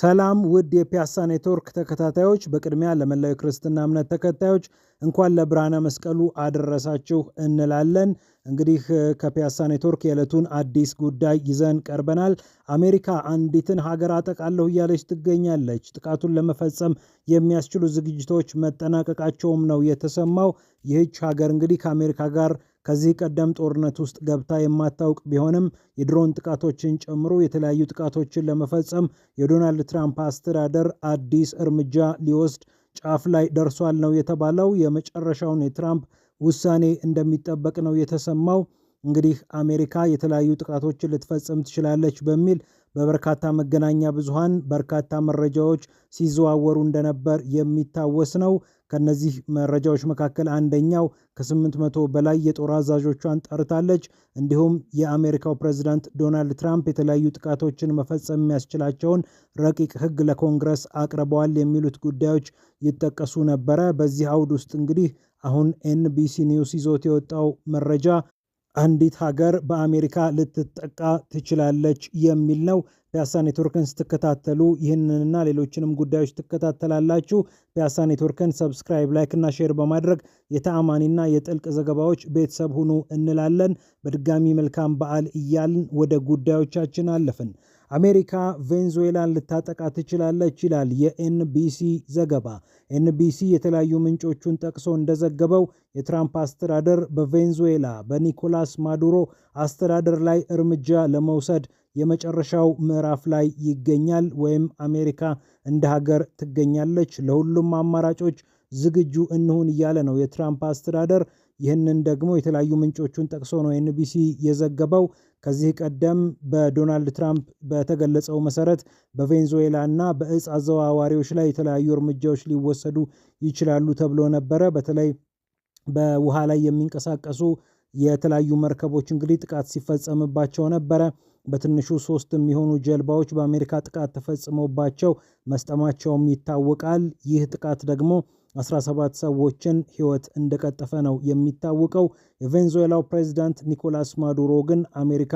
ሰላም ውድ የፒያሳ ኔትወርክ ተከታታዮች፣ በቅድሚያ ለመላው ክርስትና እምነት ተከታዮች እንኳን ለብርሃነ መስቀሉ አደረሳችሁ እንላለን። እንግዲህ ከፒያሳ ኔትወርክ የዕለቱን አዲስ ጉዳይ ይዘን ቀርበናል። አሜሪካ አንዲትን ሀገር አጠቃለሁ እያለች ትገኛለች። ጥቃቱን ለመፈጸም የሚያስችሉ ዝግጅቶች መጠናቀቃቸውም ነው የተሰማው። ይህች ሀገር እንግዲህ ከአሜሪካ ጋር ከዚህ ቀደም ጦርነት ውስጥ ገብታ የማታውቅ ቢሆንም የድሮን ጥቃቶችን ጨምሮ የተለያዩ ጥቃቶችን ለመፈጸም የዶናልድ ትራምፕ አስተዳደር አዲስ እርምጃ ሊወስድ ጫፍ ላይ ደርሷል ነው የተባለው። የመጨረሻውን የትራምፕ ውሳኔ እንደሚጠበቅ ነው የተሰማው። እንግዲህ አሜሪካ የተለያዩ ጥቃቶችን ልትፈጽም ትችላለች በሚል በበርካታ መገናኛ ብዙሃን በርካታ መረጃዎች ሲዘዋወሩ እንደነበር የሚታወስ ነው። ከነዚህ መረጃዎች መካከል አንደኛው ከ መቶ በላይ የጦር አዛዦቿን ጠርታለች። እንዲሁም የአሜሪካው ፕሬዚዳንት ዶናልድ ትራምፕ የተለያዩ ጥቃቶችን መፈጸም የሚያስችላቸውን ረቂቅ ሕግ ለኮንግረስ አቅርበዋል የሚሉት ጉዳዮች ይጠቀሱ ነበረ። በዚህ አውድ ውስጥ እንግዲህ አሁን ኤንቢሲ ኒውስ ይዞት የወጣው መረጃ አንዲት ሀገር በአሜሪካ ልትጠቃ ትችላለች የሚል ነው። ፒያሳ ኔትወርክን ስትከታተሉ ይህንንና ሌሎችንም ጉዳዮች ትከታተላላችሁ። ፒያሳ ኔትወርክን ሰብስክራይብ፣ ላይክ እና ሼር በማድረግ የተአማኒና የጥልቅ ዘገባዎች ቤተሰብ ሁኑ እንላለን። በድጋሚ መልካም በዓል እያልን ወደ ጉዳዮቻችን አለፍን። አሜሪካ ቬንዙዌላን ልታጠቃ ትችላለች ይላል የኤንቢሲ ዘገባ። ኤንቢሲ የተለያዩ ምንጮቹን ጠቅሶ እንደዘገበው የትራምፕ አስተዳደር በቬንዙዌላ በኒኮላስ ማዱሮ አስተዳደር ላይ እርምጃ ለመውሰድ የመጨረሻው ምዕራፍ ላይ ይገኛል፣ ወይም አሜሪካ እንደ ሀገር ትገኛለች። ለሁሉም አማራጮች ዝግጁ እንሁን እያለ ነው የትራምፕ አስተዳደር። ይህንን ደግሞ የተለያዩ ምንጮቹን ጠቅሶ ነው ኤንቢሲ የዘገበው። ከዚህ ቀደም በዶናልድ ትራምፕ በተገለጸው መሰረት በቬንዙዌላ እና በእጽ አዘዋዋሪዎች ላይ የተለያዩ እርምጃዎች ሊወሰዱ ይችላሉ ተብሎ ነበረ። በተለይ በውሃ ላይ የሚንቀሳቀሱ የተለያዩ መርከቦች እንግዲህ ጥቃት ሲፈጸምባቸው ነበረ። በትንሹ ሶስት የሚሆኑ ጀልባዎች በአሜሪካ ጥቃት ተፈጽሞባቸው መስጠማቸውም ይታወቃል። ይህ ጥቃት ደግሞ 17 ሰዎችን ሕይወት እንደቀጠፈ ነው የሚታወቀው። የቬንዙዌላው ፕሬዚዳንት ኒኮላስ ማዱሮ ግን አሜሪካ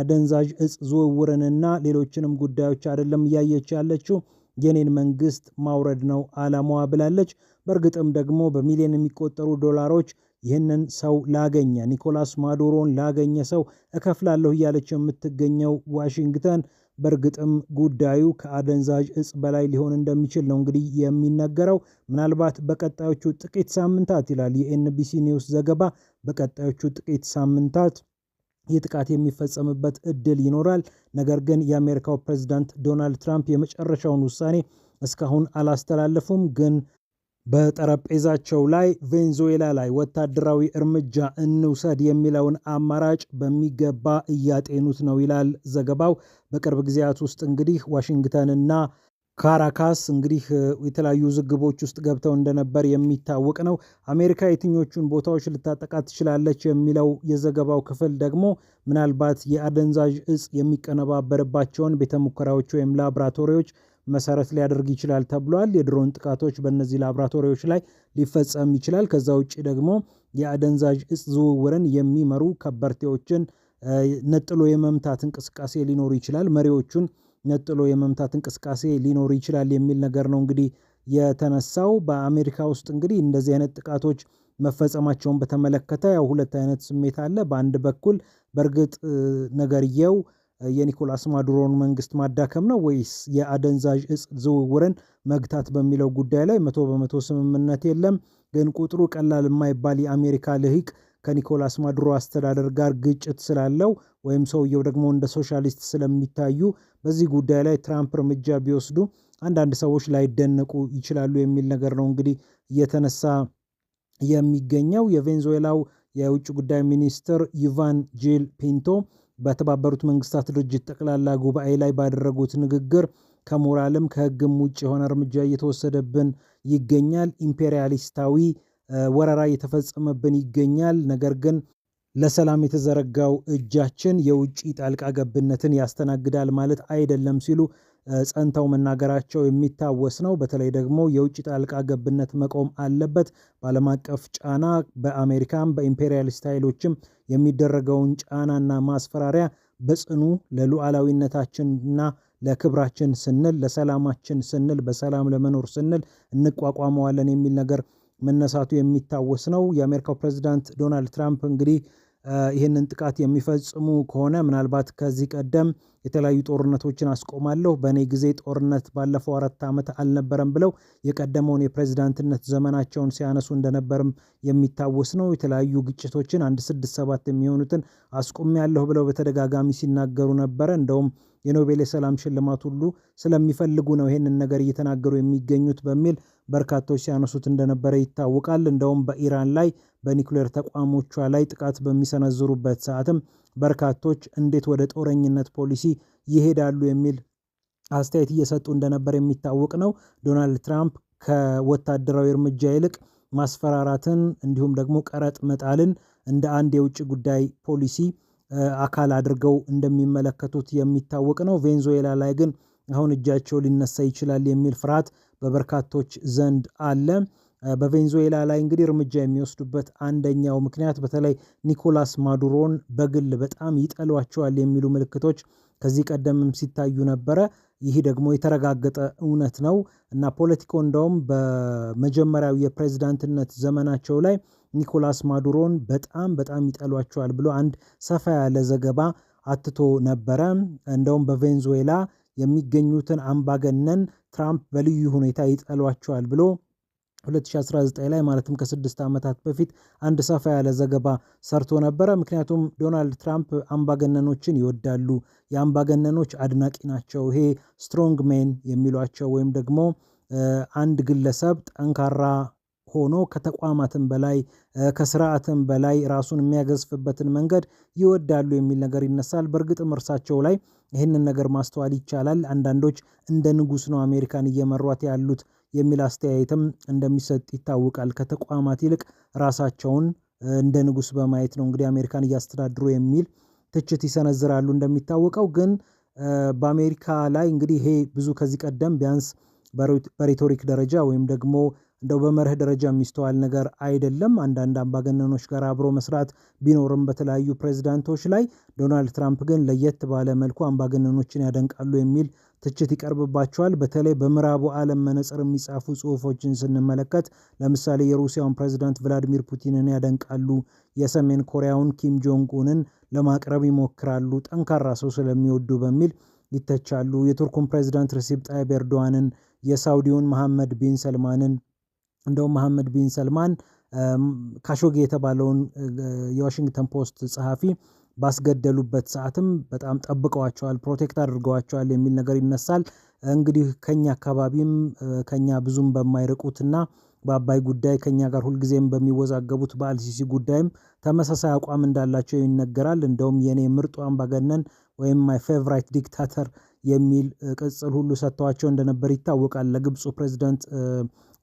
አደንዛዥ እጽ ዝውውርንና ሌሎችንም ጉዳዮች አይደለም እያየች ያለችው የኔን መንግስት ማውረድ ነው አላማዋ ብላለች። በእርግጥም ደግሞ በሚሊዮን የሚቆጠሩ ዶላሮች ይህንን ሰው ላገኘ ኒኮላስ ማዱሮን ላገኘ ሰው እከፍላለሁ እያለች የምትገኘው ዋሽንግተን በእርግጥም ጉዳዩ ከአደንዛዥ እጽ በላይ ሊሆን እንደሚችል ነው እንግዲህ የሚነገረው። ምናልባት በቀጣዮቹ ጥቂት ሳምንታት ይላል የኤንቢሲ ኒውስ ዘገባ፣ በቀጣዮቹ ጥቂት ሳምንታት ይህ ጥቃት የሚፈጸምበት እድል ይኖራል። ነገር ግን የአሜሪካው ፕሬዚዳንት ዶናልድ ትራምፕ የመጨረሻውን ውሳኔ እስካሁን አላስተላለፉም። ግን በጠረጴዛቸው ላይ ቬንዙዌላ ላይ ወታደራዊ እርምጃ እንውሰድ የሚለውን አማራጭ በሚገባ እያጤኑት ነው ይላል ዘገባው። በቅርብ ጊዜያት ውስጥ እንግዲህ ዋሽንግተንና ካራካስ እንግዲህ የተለያዩ ዝግቦች ውስጥ ገብተው እንደነበር የሚታወቅ ነው። አሜሪካ የትኞቹን ቦታዎች ልታጠቃ ትችላለች የሚለው የዘገባው ክፍል ደግሞ ምናልባት የአደንዛዥ እጽ የሚቀነባበርባቸውን ቤተ ሙከራዎች ወይም ላብራቶሪዎች መሰረት ሊያደርግ ይችላል ተብሏል። የድሮን ጥቃቶች በእነዚህ ላብራቶሪዎች ላይ ሊፈጸም ይችላል። ከዛ ውጭ ደግሞ የአደንዛዥ እጽ ዝውውርን የሚመሩ ከበርቴዎችን ነጥሎ የመምታት እንቅስቃሴ ሊኖር ይችላል፣ መሪዎቹን ነጥሎ የመምታት እንቅስቃሴ ሊኖር ይችላል የሚል ነገር ነው እንግዲህ የተነሳው። በአሜሪካ ውስጥ እንግዲህ እንደዚህ አይነት ጥቃቶች መፈጸማቸውን በተመለከተ ያው ሁለት አይነት ስሜት አለ። በአንድ በኩል በእርግጥ ነገርየው የኒኮላስ ማዱሮን መንግስት ማዳከም ነው ወይስ የአደንዛዥ እጽ ዝውውርን መግታት በሚለው ጉዳይ ላይ መቶ በመቶ ስምምነት የለም። ግን ቁጥሩ ቀላል የማይባል የአሜሪካ ልሂቅ ከኒኮላስ ማዱሮ አስተዳደር ጋር ግጭት ስላለው ወይም ሰውየው ደግሞ እንደ ሶሻሊስት ስለሚታዩ በዚህ ጉዳይ ላይ ትራምፕ እርምጃ ቢወስዱ አንዳንድ ሰዎች ላይደነቁ ይችላሉ የሚል ነገር ነው እንግዲህ እየተነሳ የሚገኘው የቬንዙዌላው የውጭ ጉዳይ ሚኒስትር ኢቫን ጂል ፒንቶ በተባበሩት መንግስታት ድርጅት ጠቅላላ ጉባኤ ላይ ባደረጉት ንግግር ከሞራልም ከህግም ውጭ የሆነ እርምጃ እየተወሰደብን ይገኛል። ኢምፔሪያሊስታዊ ወረራ እየተፈጸመብን ይገኛል። ነገር ግን ለሰላም የተዘረጋው እጃችን የውጭ ጣልቃ ገብነትን ያስተናግዳል ማለት አይደለም ሲሉ ጸንተው መናገራቸው የሚታወስ ነው። በተለይ ደግሞ የውጭ ጣልቃ ገብነት መቆም አለበት። በዓለም አቀፍ ጫና በአሜሪካም በኢምፔሪያሊስት ኃይሎችም የሚደረገውን ጫናና ማስፈራሪያ በጽኑ ለሉዓላዊነታችንና ለክብራችን ስንል ለሰላማችን ስንል በሰላም ለመኖር ስንል እንቋቋመዋለን የሚል ነገር መነሳቱ የሚታወስ ነው። የአሜሪካው ፕሬዚዳንት ዶናልድ ትራምፕ እንግዲህ ይህንን ጥቃት የሚፈጽሙ ከሆነ ምናልባት ከዚህ ቀደም የተለያዩ ጦርነቶችን አስቆማለሁ፣ በእኔ ጊዜ ጦርነት ባለፈው አራት ዓመት አልነበረም ብለው የቀደመውን የፕሬዚዳንትነት ዘመናቸውን ሲያነሱ እንደነበርም የሚታወስ ነው። የተለያዩ ግጭቶችን አንድ ስድስት ሰባት የሚሆኑትን አስቆሚያለሁ ብለው በተደጋጋሚ ሲናገሩ ነበረ። እንደውም የኖቤል የሰላም ሽልማት ሁሉ ስለሚፈልጉ ነው ይህንን ነገር እየተናገሩ የሚገኙት በሚል በርካታዎች ሲያነሱት እንደነበረ ይታወቃል። እንደውም በኢራን ላይ በኒኩሌር ተቋሞቿ ላይ ጥቃት በሚሰነዝሩበት ሰዓትም በርካቶች እንዴት ወደ ጦረኝነት ፖሊሲ ይሄዳሉ የሚል አስተያየት እየሰጡ እንደነበር የሚታወቅ ነው። ዶናልድ ትራምፕ ከወታደራዊ እርምጃ ይልቅ ማስፈራራትን እንዲሁም ደግሞ ቀረጥ መጣልን እንደ አንድ የውጭ ጉዳይ ፖሊሲ አካል አድርገው እንደሚመለከቱት የሚታወቅ ነው። ቬንዙዌላ ላይ ግን አሁን እጃቸው ሊነሳ ይችላል የሚል ፍርሃት በበርካቶች ዘንድ አለ። በቬንዙዌላ ላይ እንግዲህ እርምጃ የሚወስዱበት አንደኛው ምክንያት በተለይ ኒኮላስ ማዱሮን በግል በጣም ይጠሏቸዋል የሚሉ ምልክቶች ከዚህ ቀደምም ሲታዩ ነበረ። ይህ ደግሞ የተረጋገጠ እውነት ነው እና ፖለቲኮ እንደውም በመጀመሪያው የፕሬዝዳንትነት ዘመናቸው ላይ ኒኮላስ ማዱሮን በጣም በጣም ይጠሏቸዋል ብሎ አንድ ሰፋ ያለ ዘገባ አትቶ ነበረ። እንደውም በቬንዙዌላ የሚገኙትን አምባገነን ትራምፕ በልዩ ሁኔታ ይጠሏቸዋል ብሎ 2019 ላይ ማለትም ከስድስት ዓመታት በፊት አንድ ሰፋ ያለ ዘገባ ሰርቶ ነበረ። ምክንያቱም ዶናልድ ትራምፕ አምባገነኖችን ይወዳሉ፣ የአምባገነኖች አድናቂ ናቸው። ይሄ ስትሮንግ ሜን የሚሏቸው ወይም ደግሞ አንድ ግለሰብ ጠንካራ ሆኖ ከተቋማትም በላይ ከስርዓትም በላይ ራሱን የሚያገዝፍበትን መንገድ ይወዳሉ የሚል ነገር ይነሳል። በእርግጥም እርሳቸው ላይ ይህንን ነገር ማስተዋል ይቻላል። አንዳንዶች እንደ ንጉስ ነው አሜሪካን እየመሯት ያሉት የሚል አስተያየትም እንደሚሰጥ ይታወቃል። ከተቋማት ይልቅ ራሳቸውን እንደ ንጉስ በማየት ነው እንግዲህ አሜሪካን እያስተዳድሩ የሚል ትችት ይሰነዝራሉ። እንደሚታወቀው ግን በአሜሪካ ላይ እንግዲህ ይሄ ብዙ ከዚህ ቀደም ቢያንስ በሬቶሪክ ደረጃ ወይም ደግሞ እንደው በመርህ ደረጃ የሚስተዋል ነገር አይደለም። አንዳንድ አምባገነኖች ጋር አብሮ መስራት ቢኖርም በተለያዩ ፕሬዚዳንቶች ላይ ዶናልድ ትራምፕ ግን ለየት ባለ መልኩ አምባገነኖችን ያደንቃሉ የሚል ትችት ይቀርብባቸዋል። በተለይ በምዕራቡ ዓለም መነጽር የሚጻፉ ጽሁፎችን ስንመለከት ለምሳሌ የሩሲያውን ፕሬዚዳንት ቭላዲሚር ፑቲንን ያደንቃሉ፣ የሰሜን ኮሪያውን ኪም ጆንግ ኡንን ለማቅረብ ይሞክራሉ፣ ጠንካራ ሰው ስለሚወዱ በሚል ይተቻሉ። የቱርኩን ፕሬዚዳንት ሪሲፕ ጣይብ ኤርዶዋንን፣ የሳውዲውን መሐመድ ቢን ሰልማንን እንደውም መሐመድ ቢን ሰልማን ካሾጌ የተባለውን የዋሽንግተን ፖስት ጸሐፊ ባስገደሉበት ሰዓትም በጣም ጠብቀዋቸዋል፣ ፕሮቴክት አድርገዋቸዋል የሚል ነገር ይነሳል። እንግዲህ ከኛ አካባቢም ከኛ ብዙም በማይርቁትና በአባይ ጉዳይ ከኛ ጋር ሁልጊዜም በሚወዛገቡት በአልሲሲ ጉዳይም ተመሳሳይ አቋም እንዳላቸው ይነገራል። እንደውም የኔ ምርጡ አምባገነን ወይም ማይ ፌቨራይት ዲክታተር የሚል ቅጽል ሁሉ ሰጥተዋቸው እንደነበር ይታወቃል ለግብፁ ፕሬዚደንት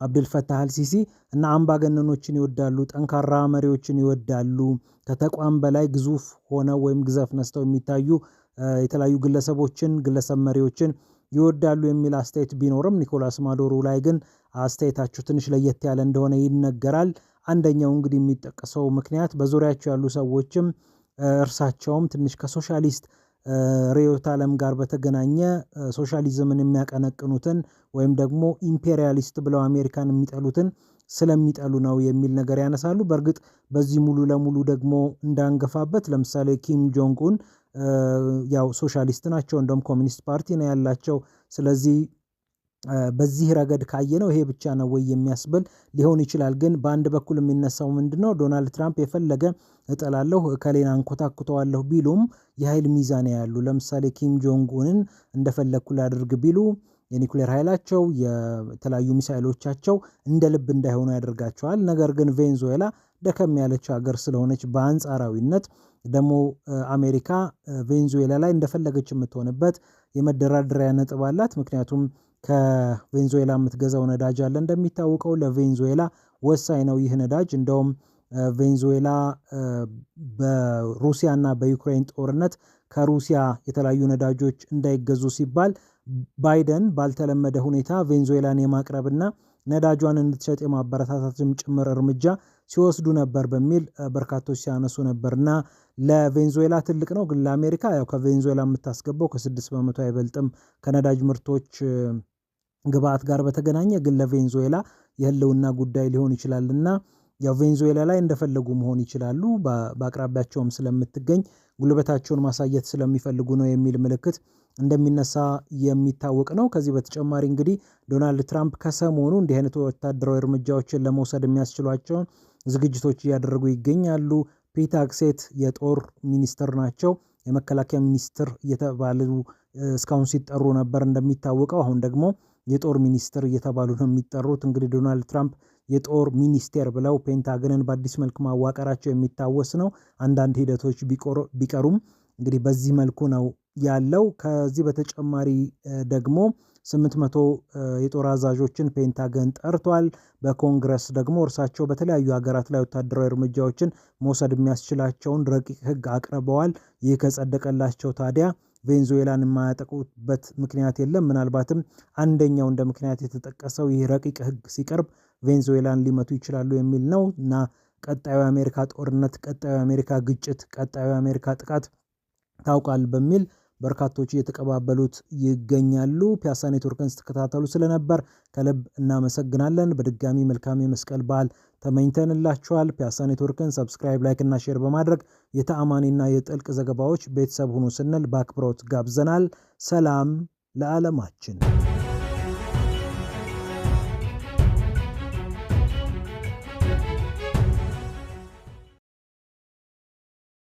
አብድልፈታህ አልሲሲ እና አምባገነኖችን ይወዳሉ፣ ጠንካራ መሪዎችን ይወዳሉ። ከተቋም በላይ ግዙፍ ሆነው ወይም ግዘፍ ነስተው የሚታዩ የተለያዩ ግለሰቦችን፣ ግለሰብ መሪዎችን ይወዳሉ የሚል አስተያየት ቢኖርም ኒኮላስ ማዶሮ ላይ ግን አስተያየታቸው ትንሽ ለየት ያለ እንደሆነ ይነገራል። አንደኛው እንግዲህ የሚጠቀሰው ምክንያት በዙሪያቸው ያሉ ሰዎችም እርሳቸውም ትንሽ ከሶሻሊስት ርዕዮተ ዓለም ጋር በተገናኘ ሶሻሊዝምን የሚያቀነቅኑትን ወይም ደግሞ ኢምፔሪያሊስት ብለው አሜሪካን የሚጠሉትን ስለሚጠሉ ነው የሚል ነገር ያነሳሉ። በእርግጥ በዚህ ሙሉ ለሙሉ ደግሞ እንዳንገፋበት ለምሳሌ ኪም ጆንግ ኡን ያው ሶሻሊስት ናቸው፣ እንደውም ኮሚኒስት ፓርቲ ነው ያላቸው። ስለዚህ በዚህ ረገድ ካየነው ይሄ ብቻ ነው ወይ የሚያስብል ሊሆን ይችላል። ግን በአንድ በኩል የሚነሳው ምንድነው ዶናልድ ትራምፕ የፈለገ እጠላለሁ እከሌን አንኮታኩተዋለሁ ቢሉም የኃይል ሚዛን ያሉ ለምሳሌ ኪም ጆንጉንን እንደፈለግኩ ላድርግ ቢሉ የኒኩሌር ኃይላቸው የተለያዩ ሚሳይሎቻቸው እንደ ልብ እንዳይሆኑ ያደርጋቸዋል። ነገር ግን ቬንዙዌላ ደከም ያለች ሀገር ስለሆነች በአንጻራዊነት ደግሞ አሜሪካ ቬንዙዌላ ላይ እንደፈለገች የምትሆንበት የመደራደሪያ ነጥብ አላት። ምክንያቱም ከቬንዙዌላ የምትገዛው ነዳጅ አለ። እንደሚታወቀው ለቬንዙዌላ ወሳኝ ነው ይህ ነዳጅ። እንደውም ቬንዙዌላ በሩሲያና በዩክሬን ጦርነት ከሩሲያ የተለያዩ ነዳጆች እንዳይገዙ ሲባል ባይደን ባልተለመደ ሁኔታ ቬንዙዌላን የማቅረብና ነዳጇን እንድትሸጥ የማበረታታትም ጭምር እርምጃ ሲወስዱ ነበር በሚል በርካቶች ሲያነሱ ነበር እና ለቬንዙዌላ ትልቅ ነው፣ ግን ለአሜሪካ ያው ከቬንዙዌላ የምታስገባው ከስድስት በመቶ አይበልጥም ከነዳጅ ምርቶች ግብአት ጋር በተገናኘ ግን ለቬንዙዌላ የህልውና ጉዳይ ሊሆን ይችላል እና ያው ቬንዙዌላ ላይ እንደፈለጉ መሆን ይችላሉ። በአቅራቢያቸውም ስለምትገኝ ጉልበታቸውን ማሳየት ስለሚፈልጉ ነው የሚል ምልክት እንደሚነሳ የሚታወቅ ነው። ከዚህ በተጨማሪ እንግዲህ ዶናልድ ትራምፕ ከሰሞኑ እንዲህ አይነት ወታደራዊ እርምጃዎችን ለመውሰድ የሚያስችሏቸውን ዝግጅቶች እያደረጉ ይገኛሉ። ፒት አክሴት የጦር ሚኒስትር ናቸው። የመከላከያ ሚኒስትር እየተባሉ እስካሁን ሲጠሩ ነበር እንደሚታወቀው አሁን ደግሞ የጦር ሚኒስትር እየተባሉ ነው የሚጠሩት። እንግዲህ ዶናልድ ትራምፕ የጦር ሚኒስቴር ብለው ፔንታገንን በአዲስ መልክ ማዋቀራቸው የሚታወስ ነው። አንዳንድ ሂደቶች ቢቀሩም እንግዲህ በዚህ መልኩ ነው ያለው። ከዚህ በተጨማሪ ደግሞ 800 የጦር አዛዦችን ፔንታገን ጠርቷል። በኮንግረስ ደግሞ እርሳቸው በተለያዩ ሀገራት ላይ ወታደራዊ እርምጃዎችን መውሰድ የሚያስችላቸውን ረቂቅ ሕግ አቅርበዋል። ይህ ከጸደቀላቸው ታዲያ ቬንዙዌላን የማያጠቁበት ምክንያት የለም። ምናልባትም አንደኛው እንደ ምክንያት የተጠቀሰው ይህ ረቂቅ ሕግ ሲቀርብ ቬንዙዌላን ሊመቱ ይችላሉ የሚል ነው እና ቀጣዩ የአሜሪካ ጦርነት፣ ቀጣዩ የአሜሪካ ግጭት፣ ቀጣዩ የአሜሪካ ጥቃት ታውቃል በሚል በርካቶች እየተቀባበሉት ይገኛሉ። ፒያሳ ኔትወርክን ስትከታተሉ ስለነበር ከልብ እናመሰግናለን። በድጋሚ መልካም የመስቀል በዓል ተመኝተንላችኋል። ፒያሳ ኔትወርክን ሰብስክራይብ፣ ላይክ እና ሼር በማድረግ የተአማኒና የጥልቅ ዘገባዎች ቤተሰብ ሁኑ ስንል በአክብሮት ጋብዘናል። ሰላም ለዓለማችን።